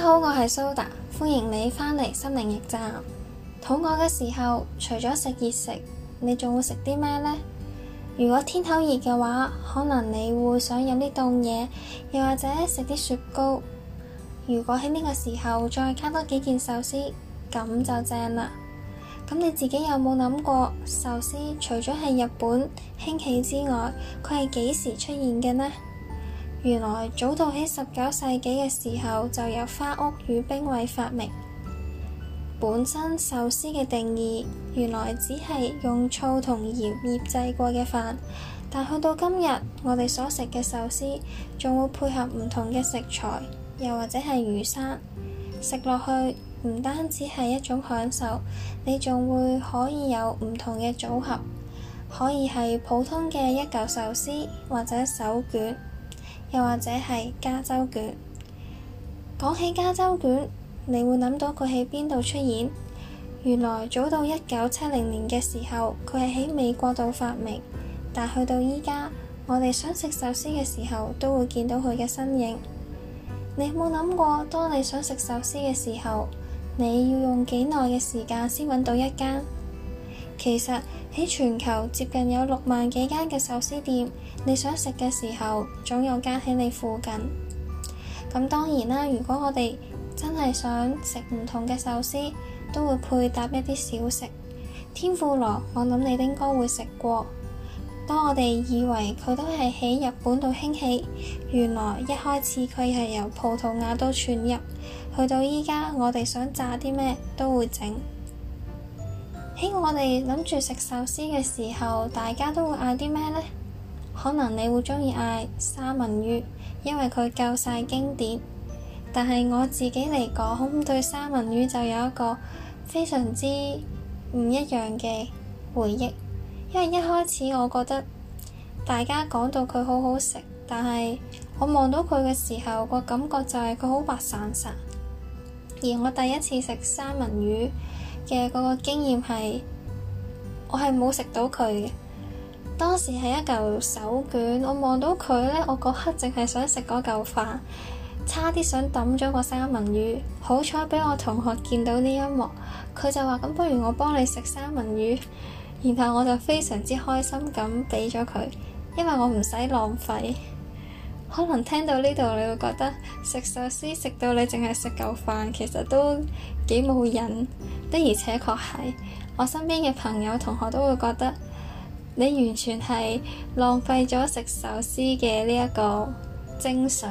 大家好，我係蘇達，歡迎你返嚟心靈驛站。肚餓嘅時候，除咗食熱食，你仲會食啲咩呢？如果天口熱嘅話，可能你會想飲啲凍嘢，又或者食啲雪糕。如果喺呢個時候再加多幾件壽司，咁就正啦。咁你自己有冇諗過，壽司除咗係日本興起之外，佢係幾時出現嘅呢？原來早到喺十九世紀嘅時候，就有花屋與兵衛發明本身壽司嘅定義。原來只係用醋同鹽醃製過嘅飯，但去到今日，我哋所食嘅壽司仲會配合唔同嘅食材，又或者係魚生。食落去，唔單止係一種享受，你仲會可以有唔同嘅組合，可以係普通嘅一嚿壽司，或者手卷。又或者係加州卷。講起加州卷，你會諗到佢喺邊度出現？原來早到一九七零年嘅時候，佢係喺美國度發明。但去到依家，我哋想食壽司嘅時候，都會見到佢嘅身影。你冇諗過，當你想食壽司嘅時候，你要用幾耐嘅時間先揾到一間？其實喺全球接近有六萬幾間嘅壽司店，你想食嘅時候總有間喺你附近。咁當然啦，如果我哋真係想食唔同嘅壽司，都會配搭一啲小食。天婦羅，我諗你應該會食過。當我哋以為佢都係喺日本度興起，原來一開始佢係由葡萄牙都傳入，去到依家我哋想炸啲咩都會整。喺、hey，我哋諗住食壽司嘅時候，大家都會嗌啲咩呢？可能你會中意嗌三文魚，因為佢夠晒經典。但係我自己嚟講，對三文魚就有一個非常之唔一樣嘅回憶。因為一開始我覺得大家講到佢好好食，但係我望到佢嘅時候，個感覺就係佢好滑散散。而我第一次食三文魚，嘅嗰個經驗係，我係冇食到佢嘅。當時係一嚿手卷，我望到佢呢，我嗰刻淨係想食嗰嚿飯，差啲想抌咗個三文魚。好彩俾我同學見到呢一幕，佢就話：咁不如我幫你食三文魚。然後我就非常之開心咁俾咗佢，因為我唔使浪費。可能聽到呢度，你會覺得食壽司食到你淨係食嚿飯，其實都幾冇癮。的而且確係我身邊嘅朋友同學都會覺得你完全係浪費咗食壽司嘅呢一個精髓。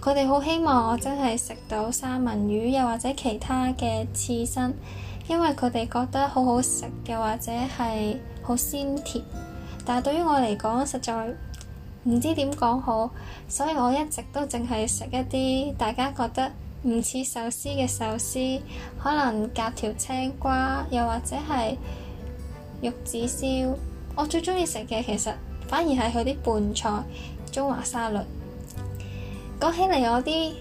佢哋好希望我真係食到三文魚，又或者其他嘅刺身，因為佢哋覺得好好食，又或者係好鮮甜。但係對於我嚟講，實在。唔知點講好，所以我一直都淨係食一啲大家覺得唔似壽司嘅壽司，可能夾條青瓜，又或者係玉子燒。我最鍾意食嘅其實反而係佢啲伴菜，中華沙律。講起嚟，我啲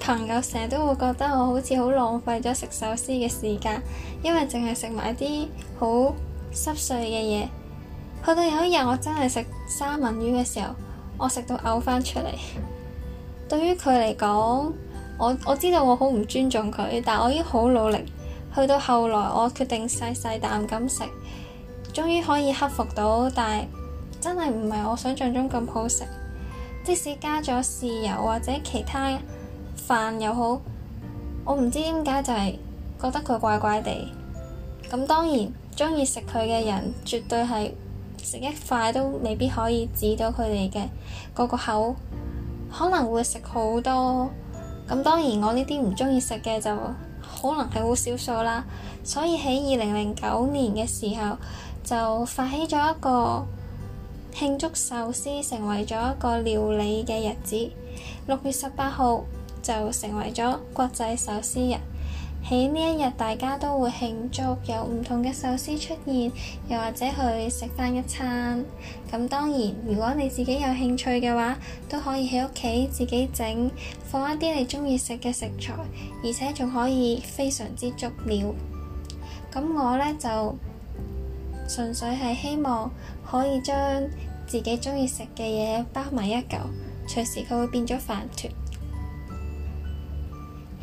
朋友成日都會覺得我好似好浪費咗食壽司嘅時間，因為淨係食埋啲好濕碎嘅嘢。去到有一日，我真係食三文魚嘅時候。我食到嘔翻出嚟。 對於佢嚟講，我我知道我好唔尊重佢，但我已經好努力。去到後來，我決定細細啖咁食，終於可以克服到，但係真係唔係我想象中咁好食。即使加咗豉油或者其他飯又好，我唔知點解就係覺得佢怪怪地。咁當然，鍾意食佢嘅人絕對係。食一塊都未必可以指到佢哋嘅個個口，可能會食好多。咁當然我呢啲唔中意食嘅就可能係好少數啦。所以喺二零零九年嘅時候就發起咗一個慶祝壽司成為咗一個料理嘅日子，六月十八號就成為咗國際壽司日。喺呢一日，大家都會慶祝，有唔同嘅壽司出現，又或者去食返一餐。咁當然，如果你自己有興趣嘅話，都可以喺屋企自己整，放一啲你中意食嘅食材，而且仲可以非常之足料。咁我呢，就純粹係希望可以將自己中意食嘅嘢包埋一嚿，隨時佢會變咗飯團。